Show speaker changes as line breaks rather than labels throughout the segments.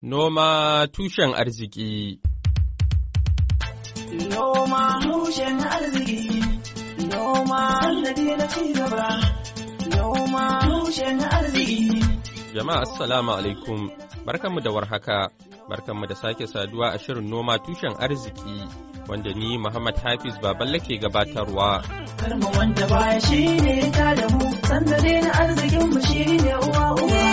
Noma tushen arziki
Noma tushen arziki Noma na Noma tushen arziki
Jama'a assalamu alaikum barkanmu da warhaka barkanmu da sake saduwa a shirin noma tushen arziki wanda ni Muhammad Hafiz Baballe ke gabatarwa
Karma wanda baya shine ta da mu sandare na arzikin mu shine uwa uwa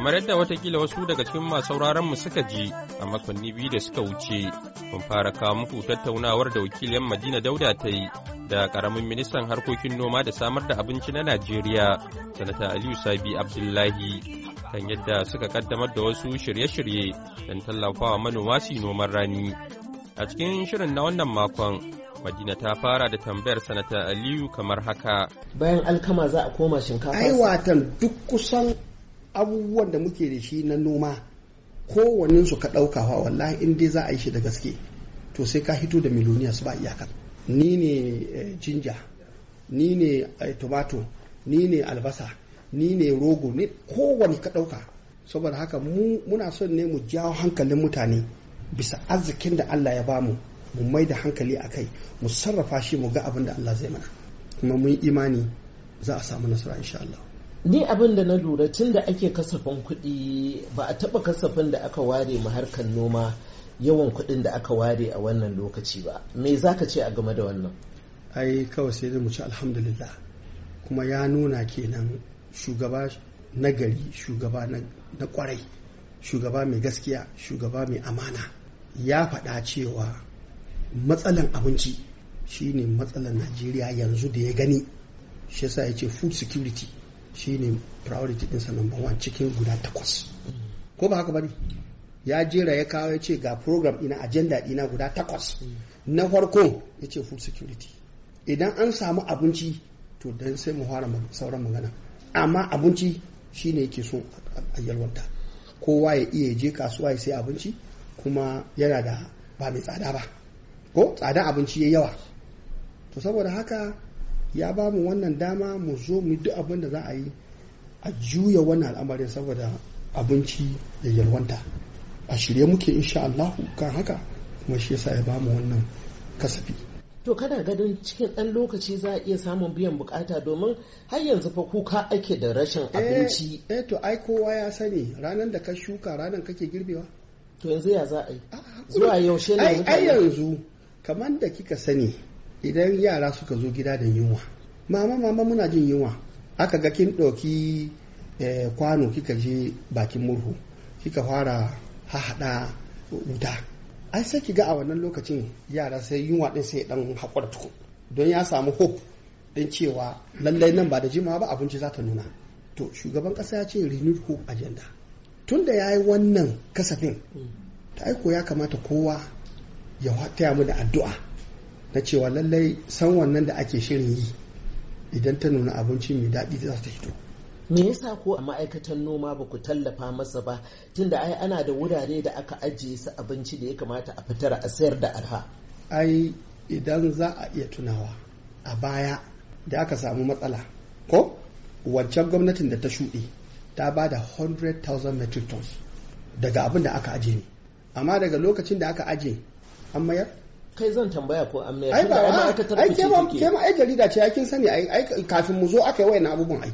kamar yadda watakila wasu daga cikin masu mu suka ji a makonni biyu da suka wuce mun fara kawo muku tattaunawar da wakilin madina dauda ta yi da karamin ministan harkokin noma da samar da abinci na najeriya sanata aliyu sabi abdullahi kan yadda suka kaddamar da wasu shirye-shirye don tallafawa manoma su noman rani a cikin shirin na wannan makon Madina ta fara da tambayar sanata Aliyu kamar haka.
Bayan alkama za a koma shinkafa. Aiwatan duk kusan abubuwan da muke da shi na noma kowannen su ka wa wallahi in dai za a yi shi da gaske to sai ka hito da su ba iyaka ni ne jinja eh, ni ne eh, tomato ni ne albasa ni ne rogo ne kowane ka ɗauka saboda haka mu muna son ne mu jawo hankalin mutane bisa arzikin da Allah ya bamu mu mai da hankali a kai mu sarrafa shi mu ga abin da Allah zai mana kuma mun imani za a samu nasara insha Allah ni abin da na lura tun da ake kasafin kuɗi ba a taɓa kasafin da aka ware ma harkar noma yawan kuɗin da aka ware a wannan lokaci ba me za ka ce a game da wannan ai kawai sai mu ci alhamdulillah kuma ya nuna kenan shugaba na gari shugaba na kwarai shugaba mai gaskiya shugaba mai amana ya faɗa cewa matsalan abinci shine matsalan najeriya yanzu da ya gani shi yasa ya ce food security Shi shine priority ɗinsa number one cikin guda takwas ko ba haka ba ne ya jera ya kawo ya ce ga program ina agenda ina guda takwas na farko ya ce food security idan an samu abinci to dan sai mu fara sauran magana amma abinci shi ne yake so a yalwanta kowa ya iya je kasuwa ya sai abinci kuma yana da ba mai tsada ba ko tsadan abinci ya yawa to saboda haka ya ba mu wannan dama mu zo mu duk abin da za a yi a juya wannan al'amarin saboda abinci da yalwanta a shirye muke insha Allah kan haka kuma shi yasa ya ba mu wannan kasafi
to kana ganin cikin ɗan lokaci za a iya samun biyan bukata domin har yanzu fa kuka ake da
rashin eh, abinci eh to ai kowa ya sani ranar da ka shuka ranar kake girbewa to yanzu ya za a yi ah,
zuwa yaushe ne ai yanzu
kamar da kika sani idan yara suka zo gida da yunwa mama mama muna jin yunwa aka ga kin ɗauki eh, kwano kika je bakin murhu kika fara hahaɗa wuta ai sai ki ga a wannan lokacin yara sai yunwa ɗin sai ɗan haƙura tuku don ya samu hope ɗin cewa lallai nan ba da jimawa ba abinci za ta nuna to shugaban ƙasa ya ce renewed hope agenda tun da ya yi wannan kasafin ta aiko ya kamata kowa ya taya mu da addu'a na cewa lallai san wannan da ake shirin yi idan ta nuna abinci mai daɗi za ta fito
me yasa ko a ma'aikatan noma ba ku tallafa masa ba tunda ai ana da wurare da aka
ajiye su abinci da ya kamata a fitar a sayar da arha ai idan za a iya tunawa a baya da aka samu matsala ko wancan gwamnatin da ta shuɗe ta ba da 100,000 metric tons daga abin da aka aje ne amma daga lokacin da aka aje an mayar kai zan tambaya ko an mai ai ba ma'aikatar ai ke ke ma ai jarida ce kin sani ai kafin mu zo aka yi wayan abubuwan ai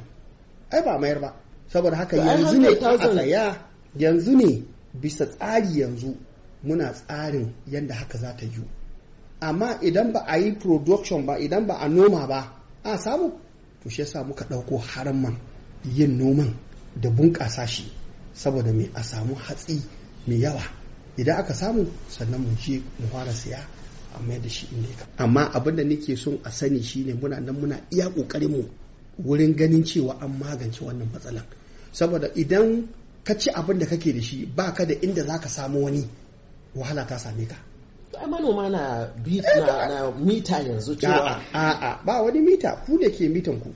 ai ba mayar ba saboda haka yanzu ne a yanzu ne bisa tsari yanzu muna tsarin yadda haka za ta yi amma idan ba a yi production ba idan ba a noma ba a samu to shi yasa muka ɗauko haramman yin noman da bunƙasa shi saboda mai a samu hatsi mai yawa idan aka samu sannan mu je mu fara siya a mai da shi inda ya amma abin da nake son a sani shine muna nan muna iya kokarin mu wurin ganin cewa an magance wannan matsalan saboda idan ka ci abin da kake da shi baka da inda zaka samu wani wahala ta same ka
ai manoma na
na mita yanzu cewa a ba wani mita ku ne ke mitan ku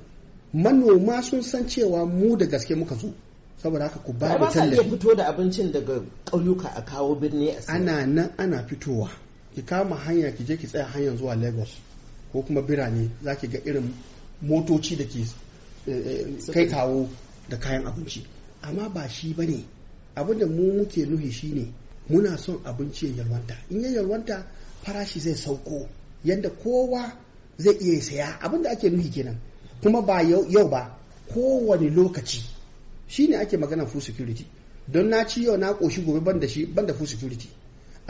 manoma sun san cewa mu da gaske muka zo saboda haka ku ba da tallafi ba fito da abincin daga ƙauyuka a kawo birni a ana nan ana fitowa ki kama hanya ki je ki tsaya hanyar zuwa lagos ko kuma birane za ki ga irin motoci da ke eh, kai kawo da kayan abinci amma ba shi ba ne abinda mu muke nuhi shine muna son abinci ya yalwanta in ya yalwanta farashi zai sauko yadda kowa zai iya saya abinda ake nuhi kenan kuma ba yau ba kowane lokaci Shi ne ake magana food security don na ci yau na koshi gobe ban da full security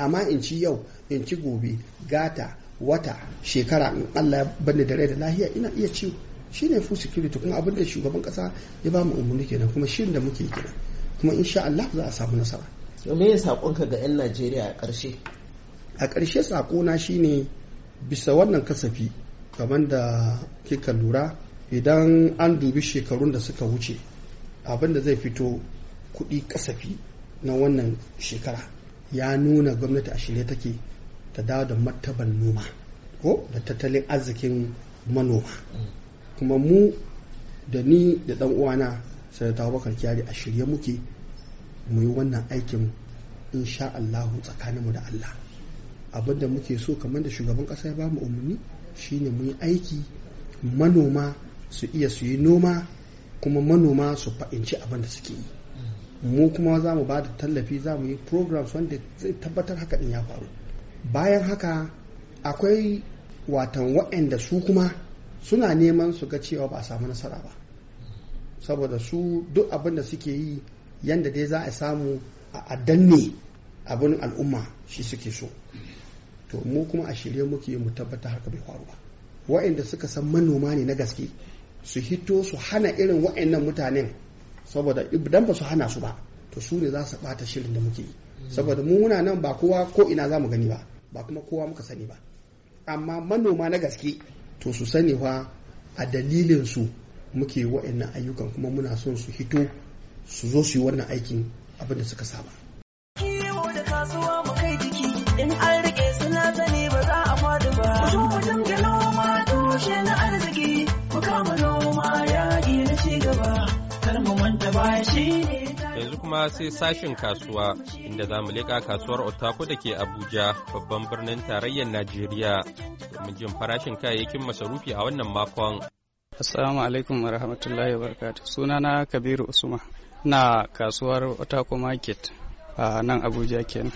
amma in ci yau in ci gobe gata wata shekara in allah bani da rai da lahiya ina iya ciwo ne food security kuma abin da shugaban kasa ya ba mu umarni kenan kuma shirin da muke kenan kuma insha allah za a samu nasara me ya saƙonka ga 'yan najeriya a ƙarshe a ƙarshe sakona shine bisa wannan kasafi kamar da kika lura idan an dubi shekarun da suka wuce abin da zai fito kuɗi kasafi na wannan shekara ya nuna gwamnati a shirye take ta dawo da martaban noma ko da tattalin arzikin manoma kuma mu da ni da dan uwana sanata bakar kyari a shirye muke mu yi wannan aikin insha Allahu tsakaninmu da Allah Abin abinda muke so kamar da shugaban ƙasa ya bamu umarni shine mu yi aiki manoma su iya su yi noma kuma manoma su fa'inci abin da suke yi mu kuma za mu ba da tallafi za mu yi programs wanda zai tabbatar haka din ya faru bayan haka akwai watan waɗanda su kuma suna neman su ga cewa ba a samu nasara ba saboda su duk abin da suke yi yadda dai za a samu a danne abin al'umma shi suke so to mu kuma a shirye muke mu tabbatar haka bai faru ba waɗanda suka san manoma ne na gaske su hito su hana irin waɗannan mutanen saboda idan ba su hana su ba to su ne za su bata shirin da muke yi saboda mu muna nan ba kowa ko ina za mu gani ba ba kuma kowa muka sani ba amma manoma na gaske to su sani fa a dalilin su muke wa'annan ayyukan kuma muna son su hito su zo su yi wannan aikin abin da suka saba
kiwo kasuwa jiki in an rike suna ba za a faɗi ba wajen gano ma na arziki
Yanzu kuma sai sashin kasuwa inda za mu leƙa kasuwar Otako da ke Abuja babban birnin tarayyar Najeriya domin jin farashin kayayyakin masarufi a wannan makon.
Assalamu alaikum wa rahmatullahi wa Suna na Kabiru Usman na kasuwar Otako Market a nan Abuja kenan.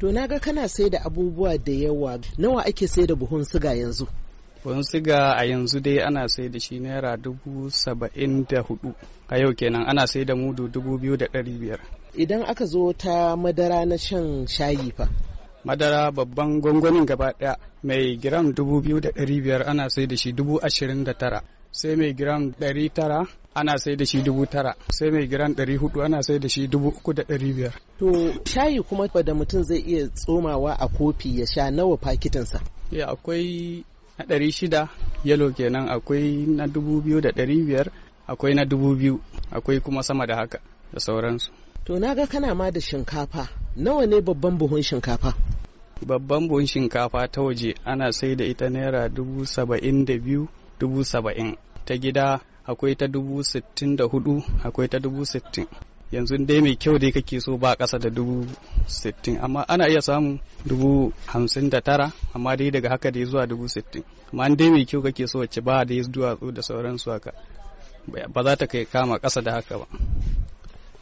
To na ga kana sai da abubuwa da yawa nawa ake sai da buhun suga yanzu?
Kwan siga a yanzu dai ana sai da shi naira dubu saba'in da hudu a yau kenan ana sai da mudu dubu biyu da ɗari biyar.
Idan aka zo ta madara na shan
shayi fa. Madara babban gwangwanin gaba ɗaya mai giram dubu biyu da ɗari biyar ana sai da shi dubu ashirin da tara. sai mai giram tara ana sai da shi dubu tara sai mai giram hudu ana sai da shi dubu uku da ɗari biyar. To shayi kuma da
mutum zai iya tsomawa a kofi ya sha nawa fakitinsa?
Ya eh, akwai na ɗari shida yalo kenan akwai na dubu biyu da ɗari biyar akwai na dubu biyu akwai kuma sama da haka da sauransu
to na ga kana ma da shinkafa nawa ne babban buhun shinkafa
babban buhun shinkafa ta waje ana sai da ita naira dubu saba'in da biyu dubu saba'in ta gida akwai ta dubu sittin da hudu akwai ta dubu sittin yanzu dai mai kyau dai kake so ba ƙasa da dubu sittin amma ana iya samun dubu hamsin da tara amma dai daga haka dai zuwa dubu sittin amma an dai mai kyau kake so wacce ba da duwatsu da sauransu haka ba za ta kai kama ƙasa da haka ba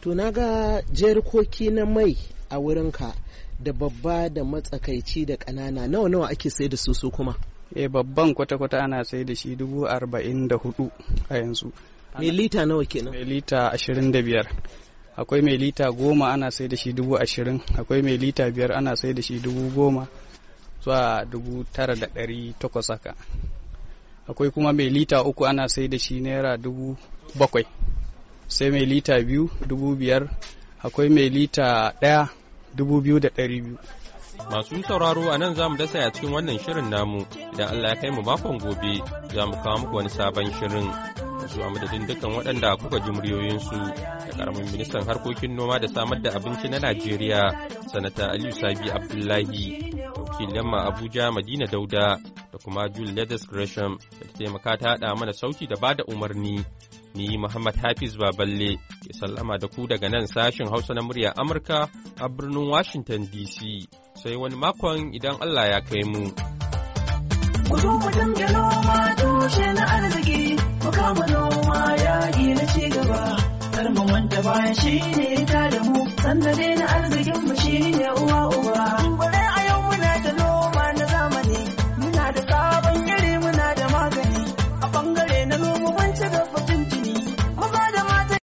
to na ga jerikoki na mai a wurinka
da babba
da matsakaici da ƙanana nawa nawa ake sai da su su kuma eh babban
kwata-kwata ana sai da shi dubu arba'in da hudu a yanzu mai lita nawa kenan mai lita ashirin da biyar akwai mai lita goma ana sai da shi dubu ashirin akwai mai lita biyar ana sai da shi dubu goma zuwa dubu tara da ɗari takwas haka akwai kuma mai lita uku ana sai da shi naira dubu bakwai sai mai lita biyu dubu biyar akwai mai lita ɗaya dubu biyu da
ɗari biyu Masu sauraro a nan za mu dasa a cikin wannan shirin namu, idan Allah ya kai mu makon gobe za mu kawo muku wani sabon shirin. su a madadin dukkan waɗanda kuka ji muryoyinsu da karamin ministan harkokin noma da samar da abinci na najeriya sanata aliyu sabi abdullahi wakilin ma abuja madina dauda da kuma julia Gresham da ta taimaka ta haɗa mana sauti da bada umarni ni muhammad hafiz baballe ke sallama da ku daga nan sashin hausa na murya amurka a birnin washington dc sai wani makon idan allah ya kai mu. Ku zo
mu shi ne ta da mu sanda